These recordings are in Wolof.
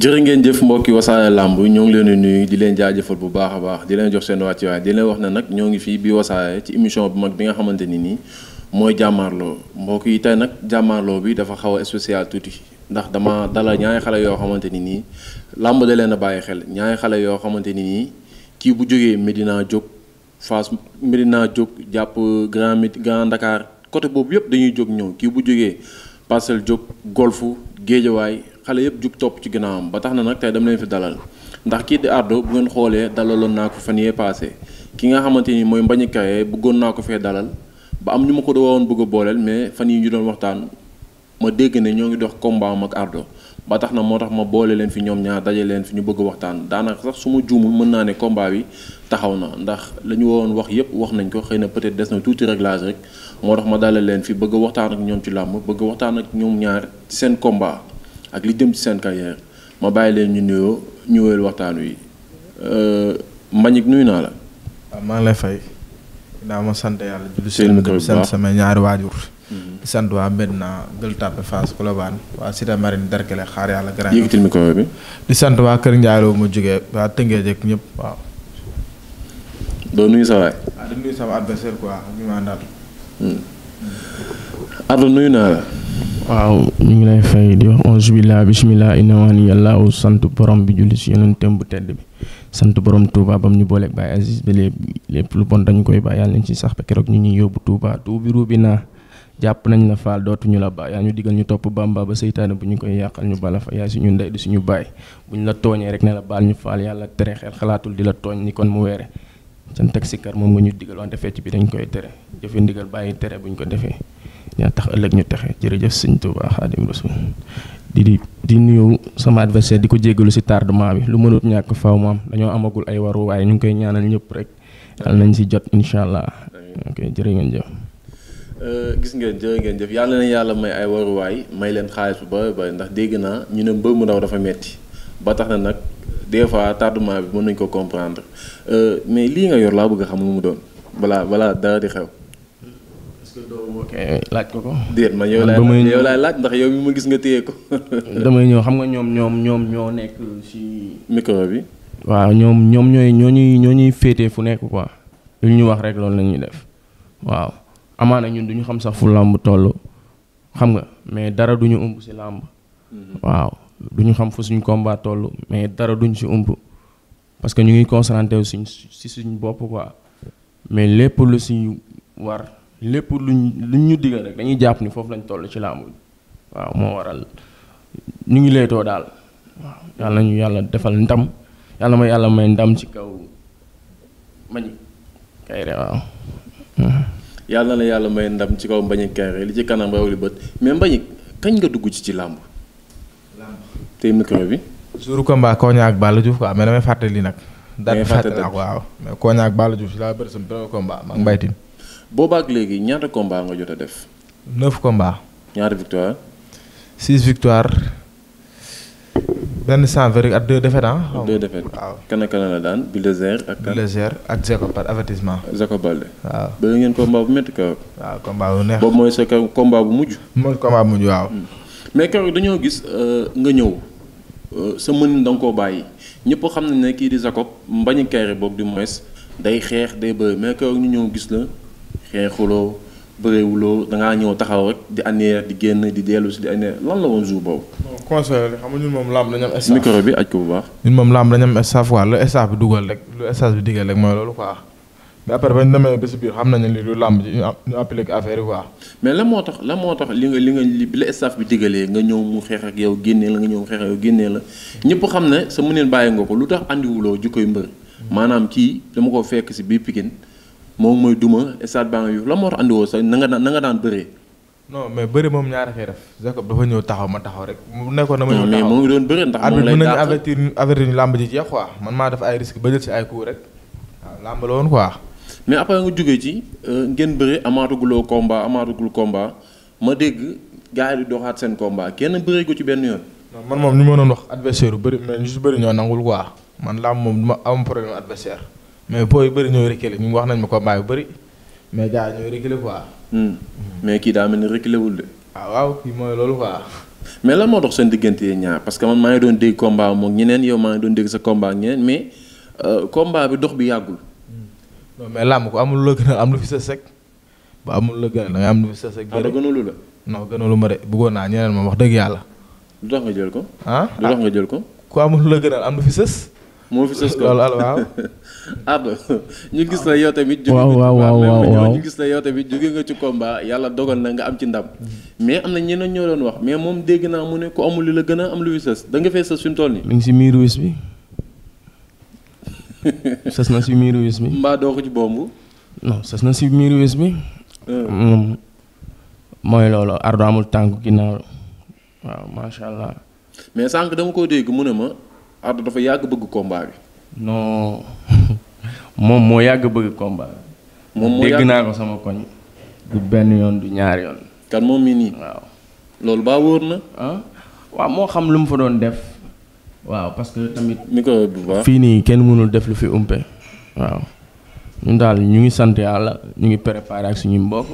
jërë ngeen jëf mbokki wasaare làmb ñoo ngi leen di nuyu di leen jaajëfal bu baax a baax di leen jox seen wàcc waaye di leen wax ne nag ñoo ngi fii bii wasaare ci émission bu mag bi nga xamante ni nii mooy jàmmaarloo mbokk yi tey nag jàmmaarloo bi dafa xaw a spécial tuuti ndax dama dalal ñaari xale yoo xamante ni nii làmb da leen a bàyyi xel ñaari xale yoo xamante ni nii kii bu jógee Medina jóg Fass Medina jóg jàpp Grand Mid Grand Dakar côté boobu yëpp dañuy jóg ñëw kii bu jógee Parcelles jóg golfu Géejawaay xale yëpp jug topp ci ginnaawam ba tax na nag tey dama leen fi dalal ndax kii di Ardo bu ngeen xoolee dalaloon naa ko fan yee passé ki nga xamante ni mooy Mbagnick Kaye bëggoon naa ko fee dalal ba am ñu ma ko woon bëgg a booleel mais fan yi ñu doon waxtaan ma dégg ne ñoo ngi dox combat ak Ardo ba tax na moo tax ma boole leen fi ñoom ñaar daje leen fi ñu bëgg waxtaan daanaka sax su ma juumul mën naa ne combat bi taxaw na ndax la ñu waroon wax yépp wax nañ ko xëy na peut-être des na tuuti réglage rek moo tax ma dalal leen fi bëgg waxtaan ak ñoom ci làmb bëgg waxtaan ak ñoom ñaar ci seen ak li jëm ci seen carrière ma bàyyi leen ñu nuyoo ñu wéyal waxtaan wi euh, Mbagnick nuyu naa la. waaw maa ngi lay fay. daa ma sant yàlla. julli seen micro bi sant sama ñaari waajur. Mhm. di sant waa Medina Gueule Tapée Fass Colobane waa Cité Marine Derklé xaar yàlla grand. yëkkatil micro sant waa Kër Ndiaye loo mu jógee waa Tëngéej ak ñëpp waaw. doo nuyu sa waay. ah ma àndal. Hmm. Ardo nuyu naa la. waaw ñu ngi lay fay di wax onze billah bismillah inawaan yàlla sant borom bi julli si yeneen bu tedd bi sant borom Touba bam ñu booleeg Baye ba lépp lépp lu bon dañu koy bàyyi yàlla nañ ci sax ba keroog ñu ñuy yóbbu Touba tuubi ruubi naa jàpp nañ la faal dootuñu la baax yaa ñu digal ñu topp Bamba ba seytaane bu ñu koy yàqal ñu bala fa yaay suñu ndey di suñu baay bu ñu la tooñee rek ne la baal ñu faal yàlla tere xel xalaatul di la tooñ ni kon mu weere sant ak sikkar moom nga ñu digal wante fecc bi dañ koy tere jëfe ndigal bàyyi tere bu ñu ko defee yaa tax ëllëg ñu texe jërëjëf sëñ Tuubaa Xaadim Rasuul di di di nuyu sama adversaire di ko jéggalu si tardement bi lu mënut ñàkk faaw mu am dañoo amagul ay waruwaay ñu ngi koy ñaanal ñëpp rek dal nañ si jot incha allah ok jërë ngeen euh, gis ngeen jërë ngeen jëf yàlla na yàlla may ay waruwaay may leen xaalis bu bari bari ndax dégg naa ñu ne mbër mu ndaw dafa metti ba tax na nag des fois tardement bi mën nañu ko comprendre euh, mais lii nga yor laa bëgg a xam lu mu doon balaa balaa dara di xew. est-ce que doo eh, laaj ko ko. déet man yow laay laaj ndax yow mi ma gis nga téye ko. damay ñëw xam nga ñoom ñoom ñoom ñoo nekk ci. micro bi. waaw ñoom ñoom ñooy ñoo ñuy ñoo ñuy féetee fu nekk quoi lu ñu wax rek loolu la ñuy def waaw amaana ñun du ñu xam sax fu làmb toll xam nga mais dara duñu ñu ëmb ci làmb. Mm-hmm. waaw du ñu xam fu suñ combat toll mais dara duñ ci ëmb parce que ñu ngi concentré suñ suñ ci suñu bopp quoi mais lépp lu ci war. lépp luñ luñ ñu digal rek dañuy jàpp ni foofu lañ tollu ci làmb waaw moo waral ñu ngi leetoo daal waaw yàlla ñu yàlla defal ndam yàlla ma yàlla may ndam ci kaw Mbagnick Kaïré waaw. yàlla na yàlla may ndam ci kaw Mbagnick Kaïré li ci kanam raw li bët mais Mbagnick kañ nga dugg ci ci làmb. làmb tey micro bi. jour combat Koña ak Balla Diouf quoi mais damay fàttali nag. damay fàttali waaw mais Koña ak Balla Diouf si laa bëri sama premier combat ak Mbaye Tine boobaak léegi ñaata combat nga jot a def. neuf combats. ñaata victoire. six victoire benn sans verdict ak deux défaites ah. deux défaites waaw. kan ak kan la daan Bulldozer ak. Bulldozer ak Zeko par avertissement. Zeko Balde. waaw ba ngeen combat bu métti kaw. waaw combat bu neex. boobu mooy sa bu mujj. waaw. Hmm. mais keroog dañoo gis euh, nga ñëw euh, sa mën da nga koo bàyyi ñëpp xam nañ ne kii di Jacob mbañu kayre boog du moins day xeex day bëri mais ñu ñëw gis la xeexuloo bërewuloo da ngaa ñëw taxaw rek di aneer di génn di dellu si di aneer lan la woon jour boobu. conseil xam nga moom làmb dañu am. micro bi aj ko moom làmb dañu am staff quoi lu staff bi dugal rek lu staff bi rek mooy loolu quoi mais après bañ demee ba si biir xam ne lu làmb affaire yi mais lan moo tax lan moo tax li nga li nga li la staff digalee nga ñëw mu xeex ak yow génnee la nga ñëw mu xeex ak yow génnee la ñëpp xam ne sa mëneen bàyyi nga ko lu tax indiwuloo andiwuloo jukkoy mbër maanaam kii ma ko fekk si biir Pikine moom mooy duma stade baa nga yu la moo tax andi woo sax na nga daan na nga daan bëree. non mais bëri moom ñaa koy def Jacob dafa ñëw taxaw ma taxaw rek mu nekkoon dama ñëw taxaw mais mu ngi doon bëri ndax moom lay daax at bi mën nañu avertir ñu làmb ji jeex quoi man maa def ay risque ba jël si ay coups rek waaw làmb woon quoi. mais après nga jógee ci euh, ngeen bëri amaatuguloo combat amaatugul combat ma dégg gars yi di doxaat seen combat kenn bëree ci benn yoon. man moom ni ma doon wax adversaire yu bëri mais ñu si bëri ñoo nangul quoi man làmb moom du ma am problème adversaire mais po yu bëri ñooy reculer ñu wax nañ ma combat yu bëri mais gars ñooy reculer quoi. Hmm. Hmm. mais kii daa mel ni reculer wul de. Ah waaw kii mooy loolu quoi. mais lan moo dox seen diggante ñaar parce que man maa ngi doon dégg combat moom ñeneen yow maa ngi doon dégg sa combat ak ñeneen euh, bi dox bi yàggul. Hmm. non mais làmb ko amul la gën a am lu fi sa sec ba amul la gën a da nga am lu fi sa sec. ah gënalu la. non gënalu ma de bëggoon naa ñeneen moom wax dëgg yàlla. lu tax nga ko. ah lu tax nga jël ko. ku amul la gënal am lu fi sës. moo fi sës ko Ardo ah, ñu gis la yow tamit. waaw waaw waaw ñu gis la yow tamit jóge nga ci combat yàlla dogal na nga am ci ndam. mais am na ñeneen ñoo doon wax mais moom dégg naa mu ne ku amul lu la gën a am lu sës da nga fee sës fi mu toll nii. mi ngi si miiru wis bi na si miiru wis bi. mbaa doo ko ci bomb. non sës na si miiru wis bi. Hmm. moom mooy loolu Ardo amul tànk ginnaaw waaw macha allah. mais sànq dama ko dégg mu ne ma Ardo dafa yàgg bëgg kombaa bi. non moom moo yàgg bëgg combat. moom moo yàgg naa ko sama koñ. du benn yoon du ñaar yoon. kan moom mii nii. waaw loolu baa wóor na. Ah? waaw moo xam lu mu fa doon def. waaw parce que tamit. ni ko fii nii kenn mënul def lu fi umpe. waaw ñun daal ñu ngi sant yàlla ñu ngi préparé ak suñu mbokk.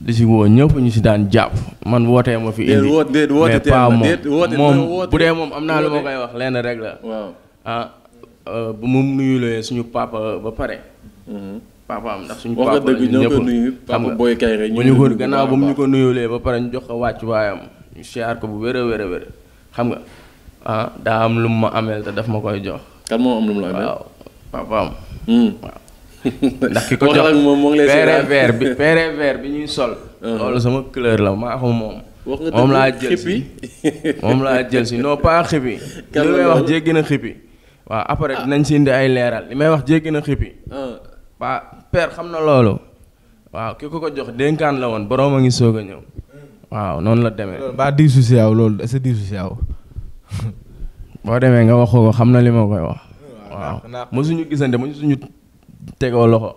di si woo ñëpp ñu si daan jàpp man wootee ma fi. indi mais pas moom bu dee moom am naa lu ma koy wax lenn rek Euh, bu mu nuyulee suñu papa ba pare. Mm-hmm. papaam ndax suñu papa la ñëpp wax nga dëgg ñoo ko nuyu kay Boy ñu ko gannaaw ba mu ñu ko nuyulee ba pare ñu jox ko wàccu waayam ñu bu wér a xam nga ah daa am lu mu ma ameel te daf ma koy jox. kan moo am lu mm. ko jox peere vert bi peere bi ñuy sol. Uh-huh. loolu sama couleur la maa ko moom. moom laa jël si moom laa jël si paax pas xibi. kan wax jéggi na xibi. waaw après ah. dinañ si indi ay leeral li may wax jéggi na xippi. Ah. waa père xam na loolu. waaw ki ko ko jox dénkaan la woon borom a ngi soog a ñëw. waaw noonu la demee. ba baa diisu si loolu est-ce que diisu boo demee nga wax ko xam na li ma koy wax. Ah, waaw mosuñu gisante suñu tegoo loxo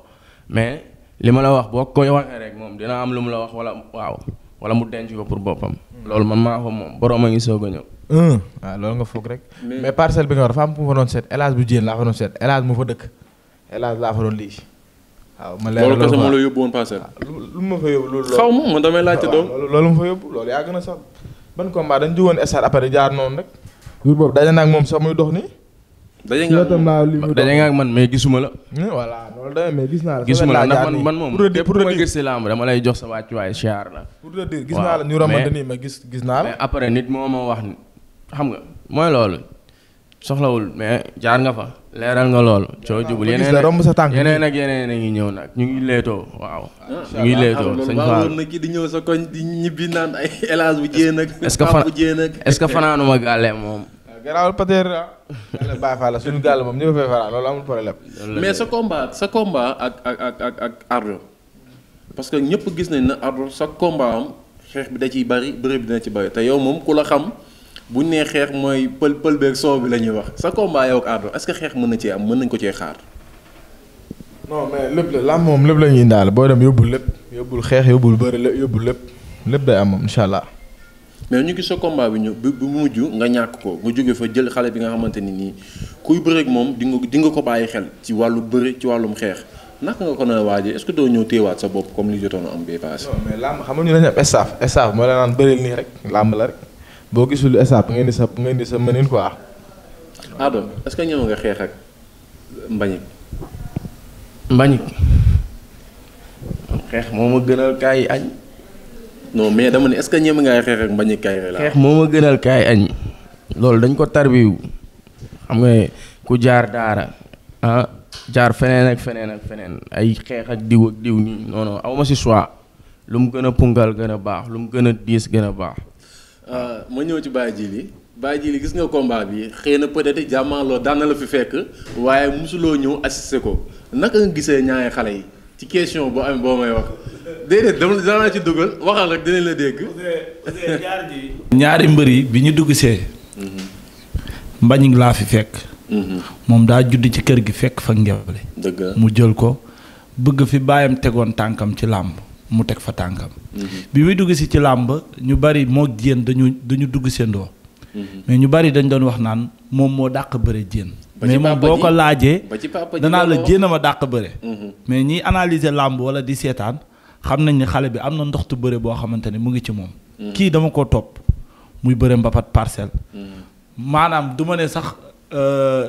mais li ma la wax boo koy waxee rek moom dina am lu mu la wax wala waaw wala mu denc ko pour boppam. Hmm. loolu man maa ko moom borom a ngi soog a ñëw. un waaw ah, loolu nga foog rek. mais parcelle bi nga wax dafa am ku ma fa doon seet élage bu jéem laa fa doon seet élage mu fa dëkk élage laa fa doon lii. waaw ma leer loolu kese moo ah, lu ma fa yóbbu loolu. xaw ma man damay laajte doom loolu ma fa yóbbu loolu a sax ban combat dañ jógoon stade après jaar noonu rek. jour boobu daje naag moom sax muy dox nii. daje man mais gisuma la. Hmm, voilà mais gis naa la. gisuma la ndax man man moom pour ma gis si lay jox sa wàccuwaay siyaar la. pour te gis naa la ñu ramante nii ma gis gis naa la. mais après nit moo ma wax ni xam nga mooy loolu soxlawul mais jaar nga fa leeral nga loolu soo jubul yeneen ak yeneen a ngi ñëw nag ñu ngi leetoo waaw ñu ngi leetoo sëñ Fall na ki di ñëw sa koñ di ñibbi naan ay élage bu jéen ak est-ce que fan est-ce que fanaanuma gàlle moom ah, garaawal peut-être ah. Baye Fall suñu gàll moom ñu ko fay fanaan loolu amul problème mais sa combat sa combat ak ak ak ak ak Ardo parce que ñëpp gis nañ ne Ardo sa combat am xeex bi da ciy bari bëri bi dina ci bari te yow moom ku la xam buñ nee xeex mooy pël pël beeg soow bi la ñuy wax sa combat yow ak Ardo que xeex mën na cee am mën nañ ko cee xaar. non mais lépp la làmb moom lépp la ñuy indaale booy dem yóbbul lépp yóbbul xeex yóbbul bëri lépp yóbbul lépp lépp day am moom incha allah. mais ñu gis sa combat bi ñu bi bu nga ñàkk ko nga jóge fa jël xale bi nga xamante ni nii kuy bëreeg moom di nga di nga ko bàyyi xel ci wàllu bëri ci wàllum xeex naka nga ko nooy waajee doo ñëw téewaat sa bopp comme li jotoon am bee passé. non mais làmb xam nga ñu dañu am staff staff moo la naan bëreel nii rek làmb la rek boo gisul esaat nga indi sa nga indi sa mënin ko Ado est-ce que ñëw nga xeex ak Mbagnick. Mbagnick xeex moo ma gënal kaay añ. non mais dama ne est-ce que ñëw nga xeex ak Mbagnick kaay la. moo ma gënal kaay añ loolu dañ ko tarbiw xam nga ku jaar daara ah jaar feneen ak feneen ak feneen ay xeex ak diw ak diw nii non aw ma si choix lu mu gën a pungal gën a baax lu mu gën a diis gën a baax. ma ñëw ci Baye Djily Baye Djily gis nga combat bi xëy na peut-être jàmmaarloo daan na la fi fekk waaye mosuloo ñëw assister ko naka nga gisee ñaari xale yi ci question boo amee boo may wax déedéet dama danaa ci dugal waxal rek dinañ la dégg. ñaari mbër yi bi ñu dugg see. Mhm. mbañ laa fi fekk. Mhm. moom daa judd ci kër gi fekk fa ngewle. mu jël ko bëgg fi baayam tegoon tànkam ci làmp mu teg fa tànkam. Mm-hmm. bi muy dugg si ci làmb ñu bari moo jéen dañu dañu dugg seen doo mm-hmm. mais ñu bari dañ doon wax naan moom moo dàq bëre jéen. mais moom boo ko laajee. danaa la jéen a ma dàq bëre. Mm-hmm. mais ñiy analyser làmb wala di seetaan xam nañ ne xale bi am na ndoxtu bëre boo xamante ne mu ngi ci moom. kii dama ko topp muy bëre mbapat parcelle. maanaam du ma ne sax euh,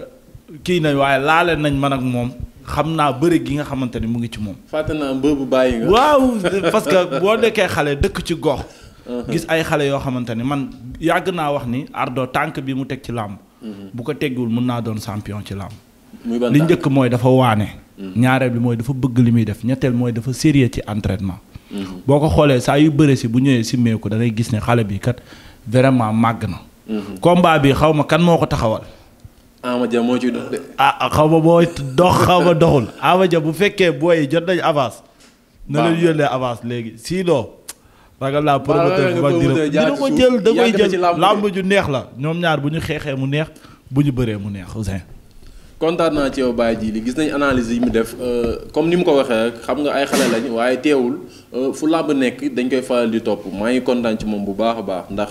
kii nañ waaye laale nañ man ak moom. xam naa bëri gi nga xamante ni mu ngi ci moom. fàtte naa mbëbu bàyyi waaw parce que boo nekkee xale dëkk ci gox. Uh-huh. gis ay xale yoo xamante ni man yàgg naa wax ni Ardo tànk bi mu teg ci làmb. Uh-huh. bu ko teggiwul mun naa doon sampion ci làmb. li njëkk mooy dafa waane. Uh-huh. ñaareel bi mooy dafa bëgg li muy def ñetteel mooy dafa sérieux ci entraînement. boo ko xoolee saa yu bëre si bu ñëwee simmeeku meeku gis ne xale bi kat vraiment màgg na. combat bi xaw ma kan moo ko taxawal. Ama Dia moo ciy dox de. ah, ah xaw ma moo dox xaw ma doxul Ama Dia bu fekkee booy jot nañ avance. na leen yónnee avance léegi sinon. laa promoteur bu mag dina ko jël da koy jël làmb ju neex la ñoom ñaar bu ñu xeexee mu neex bu ñu bëree mu neex Ouzin. kontaan naa ci yow jii Djily gis nañ analyse yi mu def euh, comme ni mu ko waxee rek xam nga ay xale lañ waaye teewul euh, fu làmb nekk dañ koy faral di topp maa ngi kontaan ci moom bu baax a baax ndax.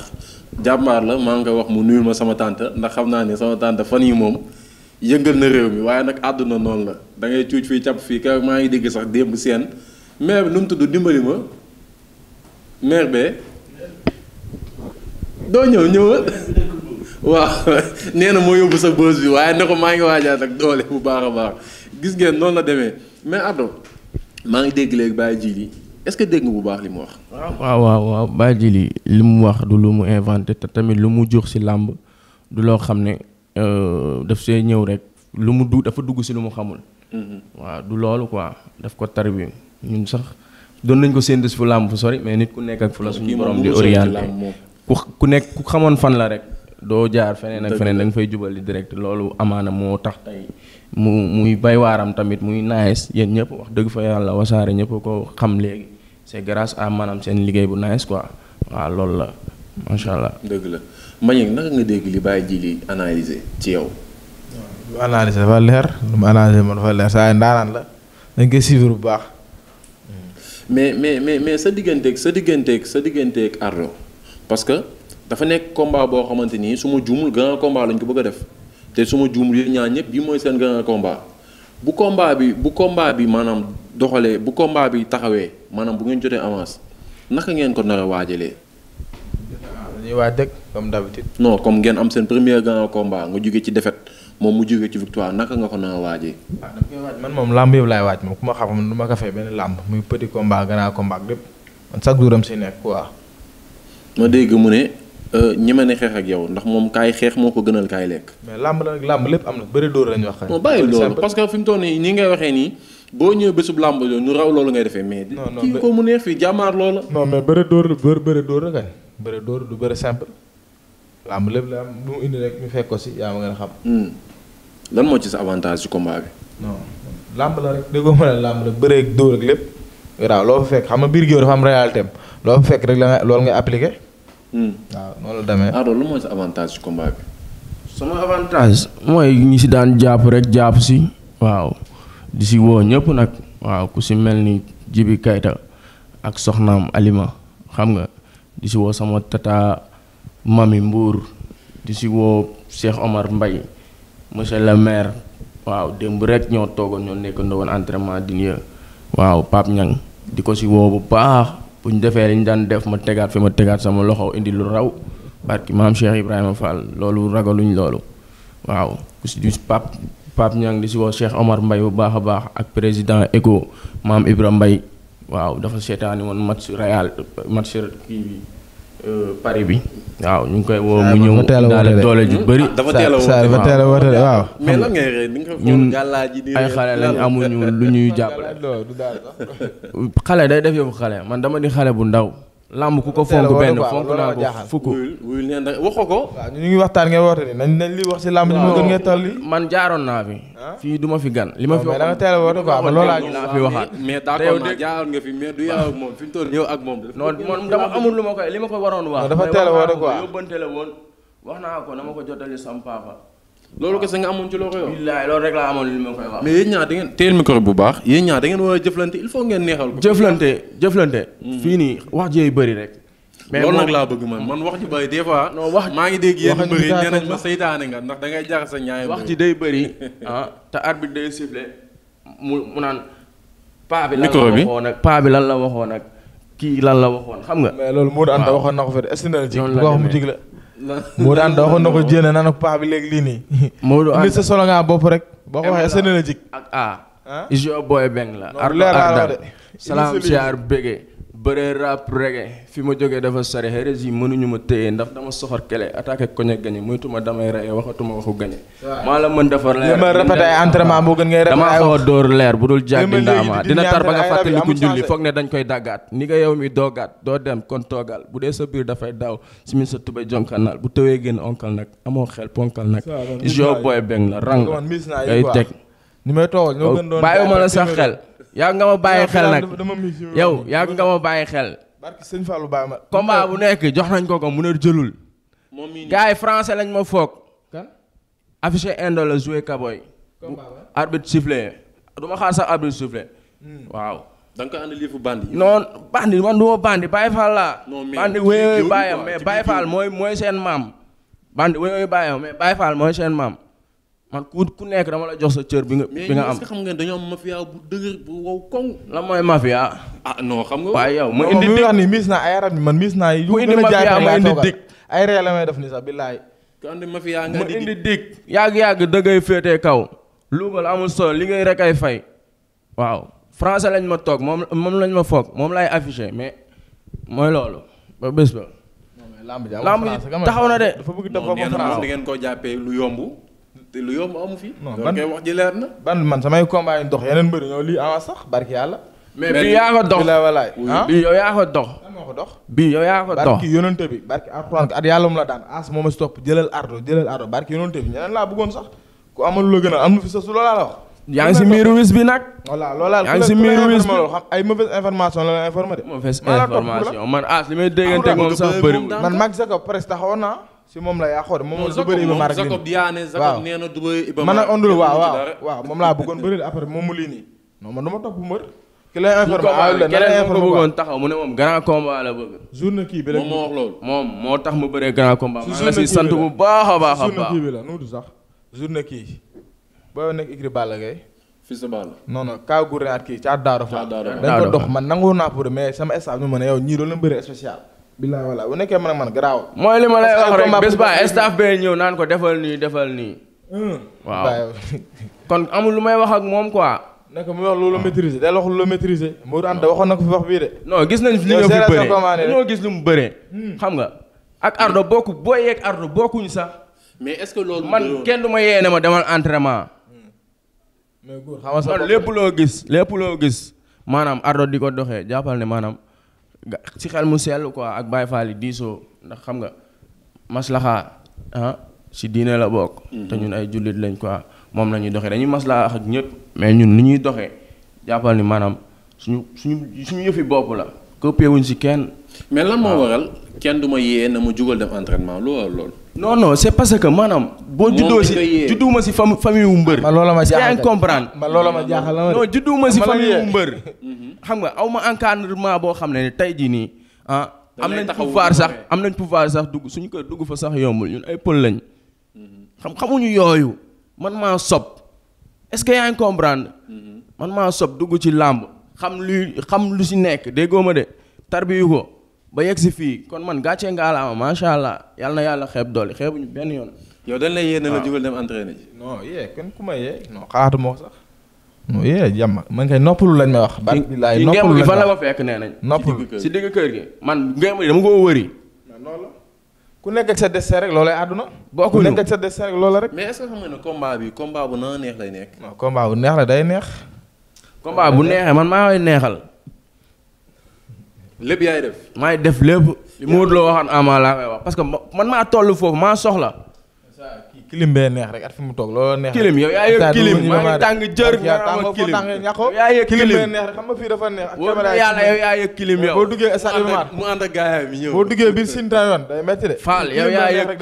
jàmbaar la maa ngi koy wax mu nuyul ma sama tante ndax xam naa ne sama tante fan yi moom yëngal na réew mi waaye nag àdduna noonu la dangay ngay cuuc fii càpp fii ka maa ngi dégg sax démb seen maire bi nu mu tudd dimbali ma maire bee doo ñëw ñëwal waaw nee na moo yóbbu sa bës bi waaye ne ko maa ngi waajaat ak doole bu baax a baax gis ngeen noonu la demee mais Ardo maa ngi dégg léegi bàyyi ji li est-ce que dégg bu baax li mu wax. waaw waaw waaw Baye li mu wax du lu mu inventé te tamit lu mu jur si làmb du loo xam ne euh, daf see ñëw rek lu mu du dafa dugg si lu mu xamul. Mm-hmm. waaw du loolu quoi daf ko tar bi ñun sax doon nañ ko séntu fu làmb fu sori mais nit ku nekk ak fu la suñu borom di orienté ku ku nekk ku xamoon fan la rek. doo jaar feneen ak feneen da nga jubal jubali direct loolu amaana moo tax tey mu muy bay waaram tamit muy nice yéen ñëpp wax dëgg fa yàlla wasaare ñëpp ko xam léegi. c' est grâce à maanaam seen liggéey bu nice quoi waaw loolu la macha allah. dëgg la Mbagnick naka nga dégg li bàyyi ji li analyser ci yow. lu analyser dafa leer lu mu analyser ma dafa leer saa yu ndaanaan la dañ koy suivre bu baax. mais mais mais mais sa digganteek sa digganteeg sa digganteeg Ardo parce que dafa nekk combat boo xamante ni su ma juumul grand combat lañ ko bëgg a def te su ma juumul yéen ñaar ñëpp bii mooy seen grand komba bu combat bi bu combat bi doxalee bu combat bi taxawee maanaam bu ngeen jotee avance naka ngeen ko nar a waajalee. dañuy waaj rek comme d'habitude. non comme ngeen am seen premier grand combat nga jóge ci defet moom mu jóge ci victoire naka nga ko nar a waajee. Ah, man moom làmb yëpp laay waaj moom ku ma xam du ma ko fay benn làmb muy petit combat grand combat lépp man chaque jour am si nekk waa ma dégg mu ne euh, ñeme ne xeex ak yow ndax moom kaay xeex moo ko gënal kaay lekk. mais làmb la làmb lépp am na bëri dóor lañu wa non bàyyi boo ñëwee bésub làmb yooyu ñu raw loolu ngay defee mais. non kii ko mu neex fii jàmmaar loola. moo mais bëre dóor la bëre bëre dóor la kañ. bëre dóor du bëre simple. làmb lépp la am bu mu indi rek ñu fekk ko si yaa ma ngeen xam. Hmm. lan moo ci sa avantage ci combat la rek déggoo ma ne làmb lépp. waaw loo fekk xam nga biir géew am réalité loo fa fekk rek la loolu ngay appliqué. Hmm. waaw noonu la demee. alors lan mooy sa avantage ci combat bi. sama avantage mooy ñu si daan jàpp rek jàpp si waaw. di si woo ñëpp nag waaw ku si mel ni Jibi Kayta ak soxnaam Alima xam nga di si woo sama tata mami Mbour di si woo Cheikh Omar mbay monsieur le maire waaw démb rek ñoo toogoon ñoo nekkandoo woon entraînement dina waaw Pape Niang di ko si woo bu baax bu ñu defee li ñu daan def ma tegaat fi ma tegaat sama loxo indi lu raw barki maam Cheikh Ibrahima Fall loolu ragaluñ loolu waaw ku si Pape Pape Niang di si woo Cheikh Omar mbay bu baax a baax ak président ECHO maam Ibra Mbaye waaw dafa seetaani woon match Real match kii bi euh, Paris bi. waaw ñu ngi koy woo mu ñëw daal doole ju bëri. dafa teel a woote hmm? dafa teel a waaw. ñun ay xale lañ amuñu lu ñuy jàppale. xale day def yëfu xale man dama di xale bu ndaw. làmb ku ko fonk benn fonk naa ko fukk wuyul neen da waxoo ko ñu ngi waxtaan ngeen woote ni nañ nañ li wax si làmb ji moo gën ngeen tal man jaaroon naa fi ah. fii du ma fi gan li ma fi wax da nga teel mais d'accord ma jaaroon nga fi mais moom fi mu toll yow ak lu ma koy li ma ko waroon wax dafa teel a woote quoi woon wax naa ko na ma ko jotali sama papa loolu kese nga amoon ci loo koy wax. billaay loolu rek laa amoon mais yéen ñaar da ngeen téyel micro bu baax yéen ñaar da ngeen war a jëflante il faut ngeen neexal ko. jëflante jëflante. Hmm. fii nii wax ji bëri rek. mais loolu nag laa bëgg man man wax ji bëri des fois. non wax maa ngi dégg yéen bëri nee nañ ma seytaane nga ndax da ngay jaaxle sa ñaay. wax ji day bëri ah te arbitre day siffler mu mu naan. paa bi lan la waxoon ak paa bi lan la waxoon ak kii lan la waxoon xam nga. mais loolu Modou Anta ah. waxoon na ko fi est-ce que moo daan doo ko na ko jéene naan ko bi léegi lii nii. Modou ànd sa solo ngaa bopp rek. boo ko waxee sëne la jik ak ah. Ijo Boy Beng la. leer la de. salaam siyaar bëggee. bëree rap reggae fi ma jógee dafa sare hérésie mënuñu ma téye ndax dama soxor kele attaqué koñe gañe moytuma damay reye waxatuma waxu gañe maa la mën defar leer a bu dul jàggi ndaama dina tar ba nga fàttaliku julli foog ne dañ koy daggaat ni nga yow mi doogaat doo dem kon toogal bu dee sa biir dafay daaw si min sa tubay jonkanal bu tëwee génn onkal nag amoo xel ponkal nag jo booy beng la rang ngay teg ni may toog ñoo gën doon bàyyi la sax xel yaa nga ma bàyyi xel nag yow yaa nga ma bàyyi xel. barki sëñ Fallou Ba ma. combat bu nekk jox nañ ko ko mu ne jëlul. moom mii yi français lañ ma foog. kan affiché indo la joué kaboy. combat la arbitre sifflé du ma xaar sax arbitre sifflé. Hmm. waaw. da bandi. man du ma bandi Baye laa. non mais bandi wéyooyu mais Baye Fall mooy mooy seen maam. bandi wéyooyu bàyyam mais Baye Fall mooy seen maam. man ku ku nekk dama la jox sa cër bi nga. bi nga am mais xam ngeen dañoo am mafia bu dëgër bu wow koŋ. la mooy mafia. ah non xam nga. waaye yow ma indi dëkk wax ni miis naa ay arab man miis naa yu a jaay ma indi dëkk ay réew la may yàgg yàgg dëggay féetee kaw. luubal amul solo li ngay rek ay fay. waaw français lañ ma toog moom moom lañ ma foog moom laay affiché mais mooy loolu ba bés ba. lamb ji taxaw na de. dafa bëgg def ko France ngeen ko jàppee lu yomb lu yomb amu fi. non ban koy wax ji leer na. ban man samay combat yi dox yeneen mbëri ñoo lii avance sax barki yàlla. mais bii yaa ko dox ah? bii yow yaa ko dox. lan moo ko dox. bii yow yaa ko dox barki yonente bi barki alxuraan at yàlla mu la daan as moom a stop jëlal ardo jëlal ardo barki yonente bi ñeneen laa bëggoon sax ku amalu la gën a am na fi sa su loolaa la wax. yaa ngi si miiru wis bi nag. voilà loolaa yaa ngi si miiru wis bi xam ay mauvaise information la la informé de. mauvaise information man as li may déggante moom sax bëriwul man mag sa ko presque taxawoon naa si moom la yaa xool moom la du bëri Iba Mar ak Lini waaw man nag ondul waaw waaw moom laa bëggoon bëri après moom mu lii nii non man du ma topp mbër ki lay informé waaw la keneen mu bëggoon taxaw mu ne moom grand combat la bëgg. journée kii bi la moo wax loolu. moo tax mu bëree grand combat. maa sant bu baax a baax a baax. journée kii bi la nu du sax journée kii boo nekk Ikri Balla Gaye. fils de Balla. non non Kaaw Gouré at kii ca Daaro Fall. dañ ko dox man nangu naa pour mais sama staff ñu ma ne yow ñii doon la mbëre spécial. bilaay walaay bu nekkee man ak man garaaw. mooy li ma lay wax rek bés ba staff bee ñëw naan ko defal nii defal nii. Hmm. waaw kon amul lu may wax ak moom quoi. nekk mu wax loolu maîtriser day wax loolu waxoon na ko fi bii de. non gis nañ fi li nga fi bëree ñoo gis lu mu bëree. Hmm. xam nga ak Ardo bokku boo yeeg Ardo bokkuñu sax. mais est-ce que loolu man kenn du ma yee ne ma demal entraînement. Hmm. mais góor xam nga lépp loo gis lépp loo gis maanaam Ardo di ko doxee jàppal ne maanaam. si xel mu sell quoi ak Baye fale yi diisoo ndax xam nga maslaxa ah si diine la bokk. Mm-hmm. te ñun ay jullit lañ quoi moom la ñuy doxee dañuy maslaxa ak ñëpp. mais ñun ni ñuy doxee jàppal ni maanaam suñu suñu suñu yëfi bopp la. copié wuñ si kenn. mais lan moo ah. waral kenn du ma yee na mu jugal dem entraînement lu waral loolu. non non c' est parce que maanaam. boo juddoo si judduuma si fam famille wu mbër. ma loola ma jaaxal comprendre. ma loola ma jaaxal non judduuma si famille wu mbër. Mhm. xam nga aw ma encadrement boo xam ne tey jii nii ah. am nañ pouvoir sax am nañ pouvoir sax dugg suñu kër dugg fa sax yombul ñun ay pël lañ. Mhm. xam xamuñu yooyu man maa sob est ce que yaa ngi comprendre. Mhm. man maa sob dugg ci làmb xam luy xam lu si nekk déggoo ma de tarbiyu ko. ba yegg si fii kon man gàccee nga alaama macha allah na yàlla xeeb xeebu ñu benn yoon. yow dañ lay yéene la jugal dem yee kenn ku ma yee. xaatu ma sax. non yee man kay noppalu lañ ma wax. bari bilaay noppalu lañ ma wax la ma fekk nee nañ. noppalu si digg kër gi man ngéem gi koo wëri. loolu ku nekk sa destin rek loolay àdduna. bokkuñu ku nekk sa destin rek loola rek. mais est ne combat bi combat bu na neex lay nekk. non bu neex la day neex. combat bu neexee man maa ngi neexal lépp yaay def. maay def lépp. li Modou Lo waxoon Ama laa koy wax parce que man maa toll foofu maa soxla. kilim bee neex rek at fi mu toog looloo neex. kilim yow yaa yëg kilim maa ngi tàng jër yaa tàng foo tàng ñàkko yaa yëg kilim bee neex rek xam nga fii dafa neex. ak caméra yàlla yow yaa yëg kilim yow. boo duggee stade Mar mu ànd ak gaayam yi ñëw. boo duggee biir Sinta yoon day métti de. Fall yow yaa yëg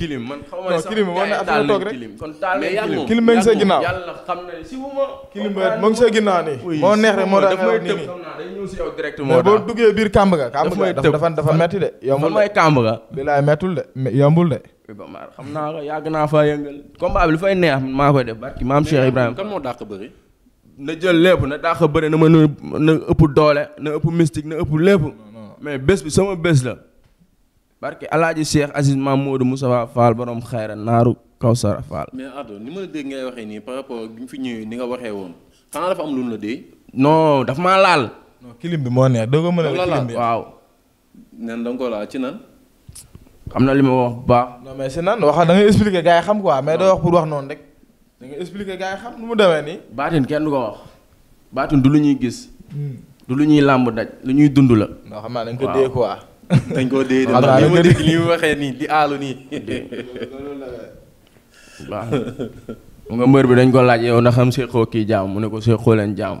kilim yow dafa dafa de. yombul de Iba xam naa ko yàgg naa faa yëngal combat bi lu fay neex maa koy def barki maam Cheikh Ibrahima. kan moo dàq bëri. na jël lépp na dàq bëri na ma na ëpp doole na ëpp mystique na ëpp lépp. mais bés bi sama bés la. barki alaaji Cheikh Aziz Mamadou Moustapha faal borom xayra naaru Kawsara Fall. mais Ardo ni ma la dégg ngay waxee nii par rapport bi ñu fi ñëwee ni nga waxee woon xanaa dafa am lu la dee. non daf maa laal. kilim bi moo neex doo bi waaw. xam na li ma wax bu baax. non mais si nan wax da ngay expliquer gars yi xam ko quoi mais doo wax pour wax noonu rek dangay ngay gaa yi xam nu mu demee nii. baatin kenn du ko wax baatin du lu ñuy gis. Hmm. du lu ñuy làmb daj lu ñuy dund la. waaw xam naa dañ ko dee quoi. dañ koo dee de li mu waxee nii di aalu nii. waaw mu nga mbër bi dañ ko laaj yow ndax xam seqoo kii jaam mu ne ko seqoo leen jàmm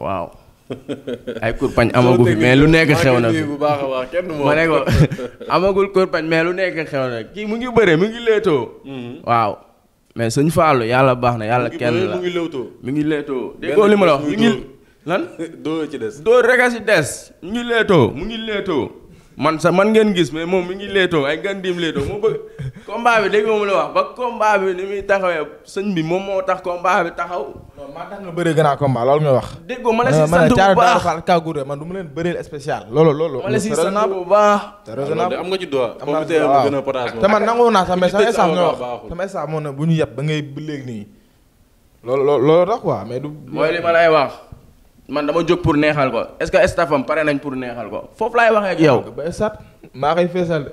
waaw. ay kurpañ amagul mais lu nekk xew na bu baax a baax kenn ma ne ko amagul kurpañ mais lu nekk xew na kii mu ngi bëree mu ngi leetoo mm-hmm. waaw mais sëñ Fallou yàlla baax na yàlla kenn la mu ngi leetoo mu ngi leetoo déggoo li ma la wax mu ngi lan dóor ci des dóor rek a ci des mu ngi leetoo mu ngi leetoo man sa man ngeen gis mais moom mi ngi leetoo ay gandim leetoo moo bëgg combat bi dégg moom la wax ba combat bi ni muy taxawee sëñ bi moom moo tax combat bi taxaw. non maa tax nga bëree grand combat loolu nga wax. dégg nga ma la si sant bu man du ma leen bëreel spécial. loolu loolu ma la si sant bu baax. am nga a te man nangu naa sax mais sama staff nga wax sama staff bu ñu yeb ba ngay ba léegi nii. loolu loolu loolu tax quoi mais du. mooy li ma lay wax. man dama jóg pour neexal ko est-ce que staffam pare nañ pour neexal ko foofu laay waxee ak yow. ba staff maa koy feesal de.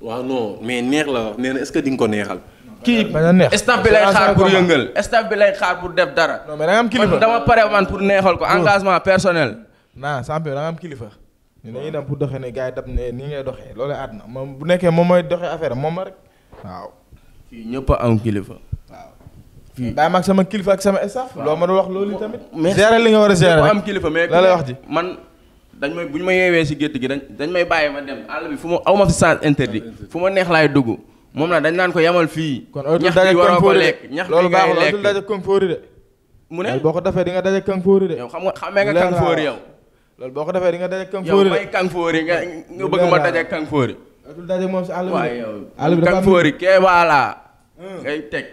waaw non mais neex la wax nee na est-ce que di nga ko neexal. kii euh, staff bi lay xaar pour yëngal staff bi lay xaar pour def dara. non mais da am kilifa dama pare man pour neexal ko engagement personnel. naa Samb da nga kilifa. ñu dañuy dem pour doxee ne gars yi dab ne nii ngay doxee loolu àdduna moom bu nekkee moom mooy doxe affaire moom ma rek waaw. fii ñëpp a am kilifa. bàyyi ma ak sama kilifa ak sama staff. loo ma doon wax loolu tamit. mais li nga war a gérer rek am kilifa mais. la lay wax ji man dañ may bu ñu ma yeewee si gétt gi dañ dañ may bàyyi ma dem àll bi fu ma aw ma fi sens interdit fu ma neex laay dugg moom nag dañ naan ko yamal fii. kon ootul daje konfóori de ñax bi ngay lekk daje konfóori de. mu ne boo ko defee di nga daje konfóori de. yow xam nga xamee nga konfóori yow. boo ko defee di nga daje kanfoori yow may kanfoori nga nga bëgg ma daje moom si àll bi waaye yow.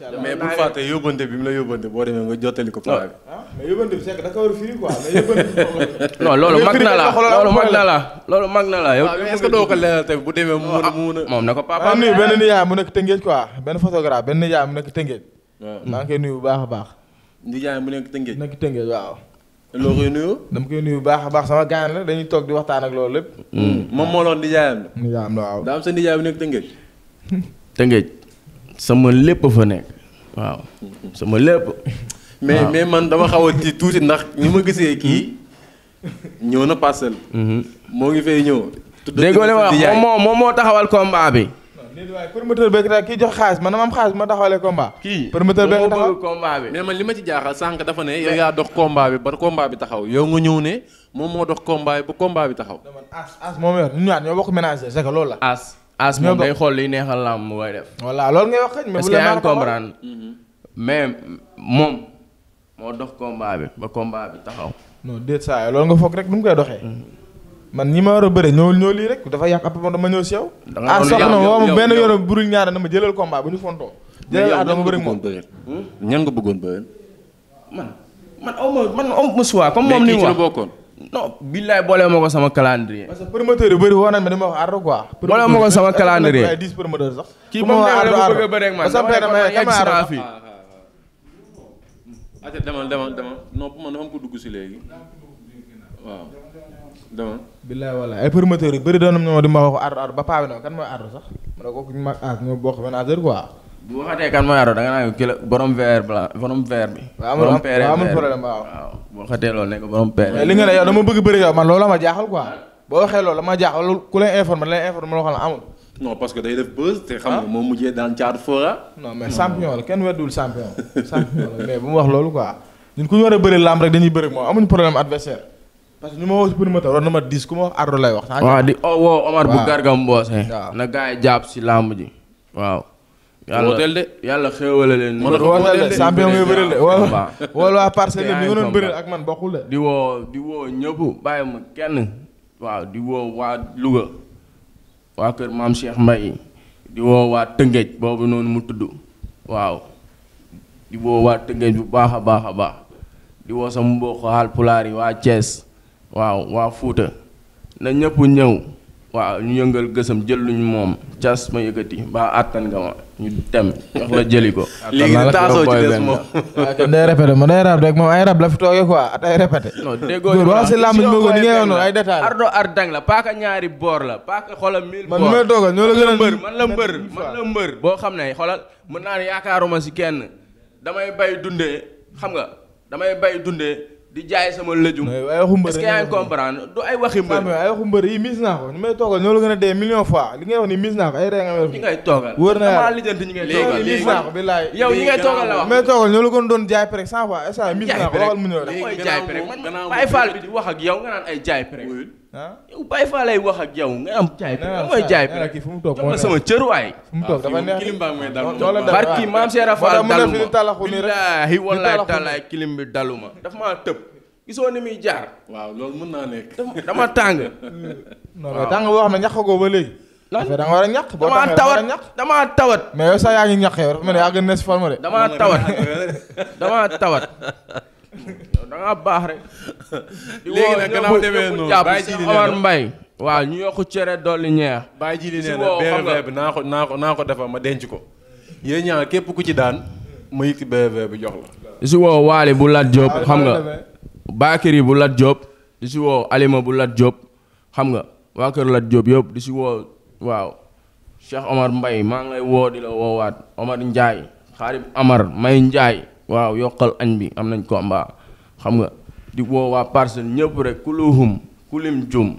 incha allah mais bu fàtte yóbbante bi mu la yóbbante boo demee nga jottali ko. paa bi ah, yóbbante bi c'est da ko war a firi quoi loolu mag na la loolu mag na la loolu ma na la yow. Ah, est doo ko leeral tamit bu demee mu mun a mun a. moom na ko papa am ah, nuyu benn nijaay mu nekk Tëngéej benn photographe benn nijaay mu nekk bu baax a baax. nijaay mu nekk Tëngéej. nekk Tëngéej waaw. loo koy nuyu. dama koy nuyu bu baax a baax sama gaan la dañuy toog di waxtaan ak loolu lépp. Hmm. moom moo loon nijaayam la. nijaayam la waaw. daa am sa nijaay bu nekk Tëngéej. Tëngéej sama lépp fa nekk waaw sama lépp. mais mais man dama xaw a tiit tuuti ndax ñu ma gisee kii hmm. ñëw na parcelle. Hmm. moo ngi fay ñëw. déggoo li ma wax moom moom moo taxawal combat bi. léegi waaye promoteur beeg kii jox xaalis man na am xaalis ma taxawalee combat. kii promoteur beeg taxaw combat bi. mais man li ma ci jaaxal sànq dafa ne yow yaa dox combat bi ba combat bi taxaw yow nga ñëw ne moom moo dox combat bi ba combat bi taxaw. as as moom yor ñun ñaar ñoo bokk ménager c'est que loolu la as moom day xool liy neexal làmb mu koy def. voilà loolu ngay wax rek mais bu la naan comprendre mhm. mais moom moo dox combat bi ba combat bi taxaw. non déet saa yi loolu nga foog rek nu koy doxee. Mhm. man ñi ma war a bëre ñoo ñoo lii rek dafa yàq ab ma dama ñëw si yow. da nga ah, soxna moom benn yoon burul ñaara na ma jëlal combat bu ñu fontoo. jëlal at ma bëri moom hmm? ñan nga bëggoon bëre. man man aw man aw ma comme moom ni mu wax non billaay boolee ma ko sama calendrier. parce que promoteur yu bëri woo nañ ma ni ma wax ardo quoi. boolee ma ko sama calendrier ay dix promoteurs sax. kii moom nee na ma bëgg a bëreeg man dama ne fii. ate ah, ah, ah, demal demal demal non man dafa am ko dugg si léegi waaw demal. billaay wallaay ay promoteurs yu bëri doon nañ ma di ma wax ardo ardo ba paa bi na kan mooy ardo sax ma ne ko ñu mag aas ñoo bokk benn affaire quoi. bu waxatee kan mooy Ardo da nga naan kii la borom verre blanc borom verre bi. waaw amul problème waaw. ma jaaxal quoi boo loo xam ne amul. non parce que day def buzz te xam nga ah. moom mujjee daan caatu fora. non mais champion la kenn weddul champion champion la wax loolu quoi ñun ku ñu war bëri lamb rek dañuy bëri moom amuñu problème adversaire parce que ñu ma woo si promoteur war na ma dis ku ma wax Ardo lay wax. waaw di oh, woo Omar bu Garga Mbossé. na gars yi jàpp si lamb ji waaw. wooteel de yàlla xéewale leen. mën na wooteel de champion nga bëri de wala wala parcelle yi nga doon bëri ak man bokkul de. di woo di woo ñëpp bàyyi ma kenn waaw di woo waa Louga waa kër maam Cheikh Mbaye di woo waa Tëngéej boobu noonu mu tudd waaw di waa Tëngéej bu baax a baax a baax di woo sama mbokk Haalpulaar yi waa Thiès waaw waa Fuuta na ñëpp ñëw. waaw ñu yëngal gësam jël luñ moom cas ma yëkkati mbaa àttan nga ma ñu dem jox la jëli ko. léegi di taasoo ci des moom. day répété moom rab rek moom ay rab la ñaari boor la paaka xoolal mille boor man toogal ñoo la gën a mbër man la mbër man la mbër boo xam ne xoolal mën naa ne yaakaaruma si kenn damay bay dundee xam nga damay bay dundee di jaay sama lëjum. est-ce que yaa ngi comprendre du ay waxi mbër. ay waxu mbër yi mis naa ko ñu may toogal ñoo la gën a dee million fois li ngay wax ni mis naa ko ay rey nga may. ñi ngay toogal wër na yàlla lijjanti ñi ngay toogal mis naa ko bilaay. yow ñi ngay toogal la wax doon jaay prek cent fois est-ce que mis naa ko waxal mu ñëw rek jaay prek bi di wax ak yow nga naan ay jaay prek ah yow Baye Fall lay wax ak yow nga am. jaay bi mooy jaay bi ah, fu mu toog moo sama cër waay. Ah, fu mu toog dafa ah, neex kilim baa may dal. barki maam Seera Fall daluma billaahi wallaahi taalaa kilim bi daluma daf maa tëb. gisoo ni muy jaar. waaw loolu mën naa nekk. dama tàng. non mais tàng boo xam ne ñàkkagoo ba léegi. lan war a ñàkk boo taxee da a ñàkk tawat. mais yow sax yaa ngi ñàkk yow dafa mel ne yaa gën a si forme dama damaa tawat tawat. da baax rek. léegi nag gannaaw demee noonu bàyyi Omar Mbaye. waaw ñu yokk cere dolli ñeex. bàyyi ji li naa ko naa ma denc ko. képp ku ci daan ma yëg ci BRV bi si woo Waali bu Lat Diop xam nga. Bakary bu Lat Diop. di si woo Alima bu Lat Diop xam nga waa kër Lat Diop yëpp di si woo waaw Cheikh Omar mbay maa ngi woo di la woowaat Omar Ndiaye xaarib Amar May Ndiaye. waaw yokkal añ bi am nañ combat xam nga di woo waa parcelle ñëpp rek ku luhum ku lim jum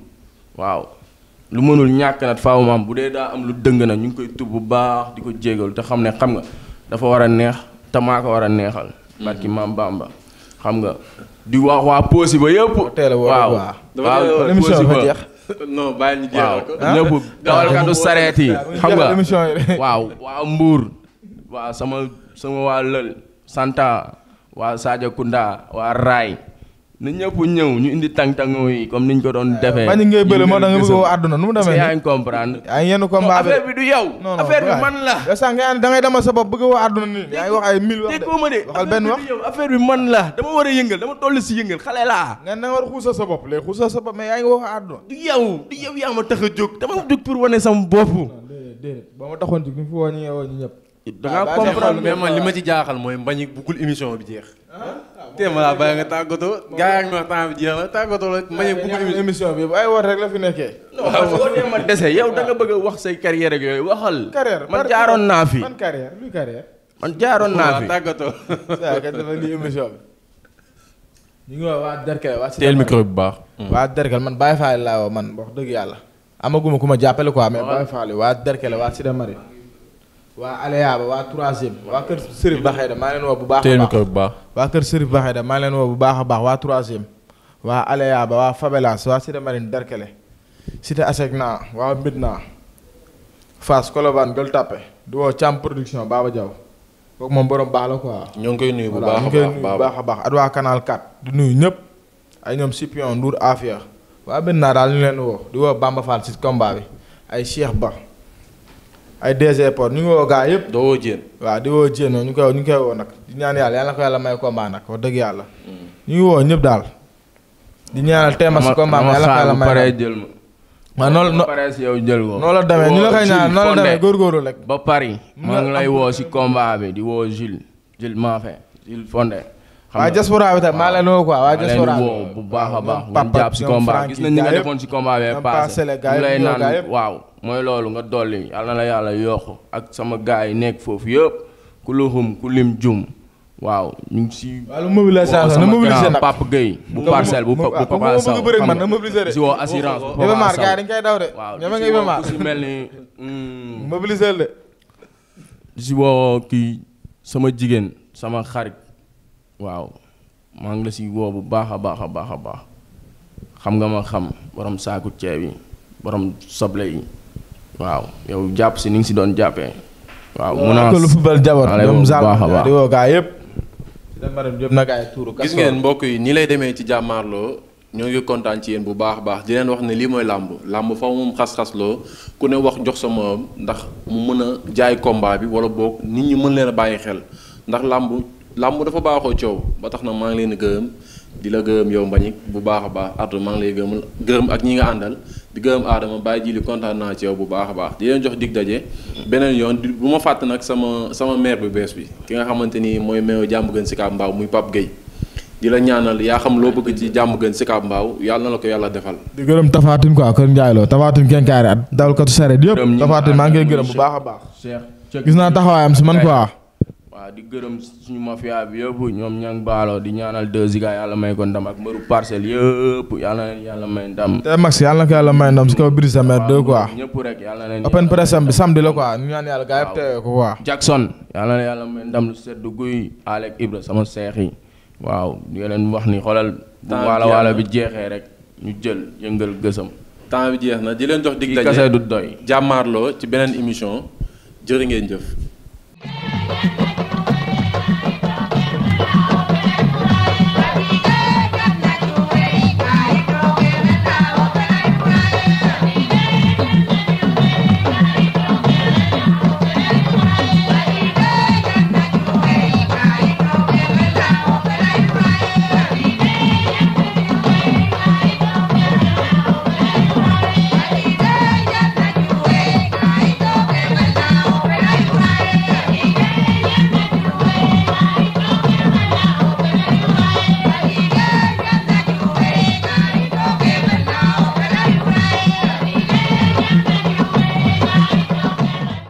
waaw lu mënul ñàkk nag faaw maam bu dee daa am lu dëng na ñu ngi koy tub bu baax di ko jégalu te xam ne xam nga dafa war a neex te maa ko war a neexal. Mm-hmm. barki maam Bamba xam nga di wax waa Poosi ba yëpp. waaw ah. waaw ah. yi xam nga waaw waa Mbour waa sama sama waa lël Santa waa Sajakunda waa Raay nit ñëpp ñëw ñu indi tàng-tàngoo yi comme niñ ko doon defee. bañ ngay bële moo da nga bëgg àdduna nu mu demee. yaa ngi comprendre. yaa ngi du yow. affaire bi man la. yow sax nga da ngay sa bopp bëgg woo àdduna nii. yaa wax ay mille wax de waxal benn wax affaire bi man la dama war a yëngal dama toll si yëngal xale laa. nga ne war a xuusal sa bopp léegi xuusal sa bopp mais yaa ngi wax àdduna. du yow du yow yaa ma tax a jóg dama jóg pour wane sama bopp. déedéet ba ma taxoon jóg ñu fi woo ñu ñëpp da ngaa comprendre man li ma ci jaaxal mooy mbañi buggul émission bi jeex. Ah, ah, te laa bàyyi nga tàggatoo gaa ak ma temps bi jeex na la fi nekkee. ma dese yow da bëgg a wax say carrière yooyu waxal. carrière man jaaroon naa fi man carrière jaaroon naa fi waaw tàggatoo. teel micro bu baax. Hmm. waa Derkel man Baye Fall laa woo man wax dëgg yàlla. amaguma ku ma jàppale ko mais Baye Fall waa Derkel waa Sida Marie waa Aleya ba waa troisième waa kër Serif Baxeda maa bu baax a baax waa kër Serif Baxeda maa leen woo bu baax a baax waa troisième waa Aleya ba waa Fabelas waa Cité Marine Derkele Cité Asegna waa Mbidna Fass Colobane Gueule Tapée du woo Thiam production Baba Diaw kooku moom borom baax la quoi. ñoo ngi koy nuyu bu baax a baax ñu bu baax a baax ak di nuyu ñëpp ay ñoom Sipion Ndour Afia waa Mbidna daal ñu leen woo di woo Bamba Fall si combat bi ay Cheikh Ba. ay DG Port ñu ngi woo gaa yëpp. doo woo Dieng. waaw di woo Dieng ñu koy koy woo nag di ñaan yàlla yàlla ko yàlla may combat nag wax dëgg yàlla. Mm. ñu ngi woo ñëpp daal. di ñaanal teema si combat ma. waaw ah, noonu la pare jël ko. noonu la demee ñu la koy ñaan noonu la demee góorgóorlu rek. ba Paris maa lay woo si combat bi di woo Jules Jules Mafe Jules Fondé waa diaspora bi tam maa leen woo quoi waa diaspora bu baax a baax ngeen jàpp si combat gis nañ nga defoon si combat bee passé ñu lay naan waaw mooy loolu nga dolli yàlla na yàlla yokk ak sama gars yi nekk foofu yëpp ku luxum ku lim jum waaw ñu ngi si. waaw lu mobilisation na mobiliser nag Pape Gueye bu si woo assurance bu Papa Sow dañ koy daw de ñoom nga si mel ni mobiliser kii sama jigéen sama xarit waaw maa ngi la si woo bu baax a baax a baax a baax xam nga ma xam borom saaku ceeb yi borom soble yi waaw yow jàpp si ni nga si doon jàppee. waaw mun naa lu football jabar ñoom mu di woo gaa yëpp. gis ngeen mbokk yi ni lay demee ci jàmmaarloo ñoo ngi kontaan ci yéen bu baax a baax di leen wax ne lii mooy làmb làmb fa moom xas-xasloo ku ne wax jox sama ndax mu mën a jaay kombaa bi wala boog nit ñi mën leen a bàyyi xel ndax làmb. làmb dafa baaxoo coow ba tax na maa ngi leen gërëm di la gërëm yow Mbagnick bu baax a baax Ardo maa ngi lay gërëm gërëm ak ñi nga àndal di gërëm Adama bàyyi ji li kontaan naa ci bu baax a baax di leen jox dig daje beneen yoon bu ma fàtt nag sama sama maire bu bees bi ki nga xamante ni mooy meew jàmm gën si kaab mbaaw muy Pape Gueye di la ñaanal yaa xam loo bëgg ci jàmm gën si kaab mbaaw yàlla la ko yàlla defal di gërëm tafaatin quoi kër Ndiaye Lo tafaatin kenkaari at dawal katu sareet yëpp tafaatin maa ngi gërëm bu baax a baax gis waaw di gërëm suñu mafia bi yëpp ñoom ñang baalo di ñaanal 2 Giga yàlla may ko ndam ak mbëru parcelle yëpp yàlla na leen yàlla may ndam. te max yàlla ko yàlla may ndam si kaw Brise de Mer 2 quoi. ñëpp rek yàlla na leen open press bi samedi la quoi ñu ñaan yàlla gaa yëpp teewee yàlla may ndam lu sedd guy Alec Ibra sama seex yi waaw di leen wax ni xoolal. bu waala bi jeexee rek ñu jël yëngal gësam. temps bi jeex na di leen jox dig daje kase du doy. jàmmaarloo ci beneen émission jërë ngeen jëf.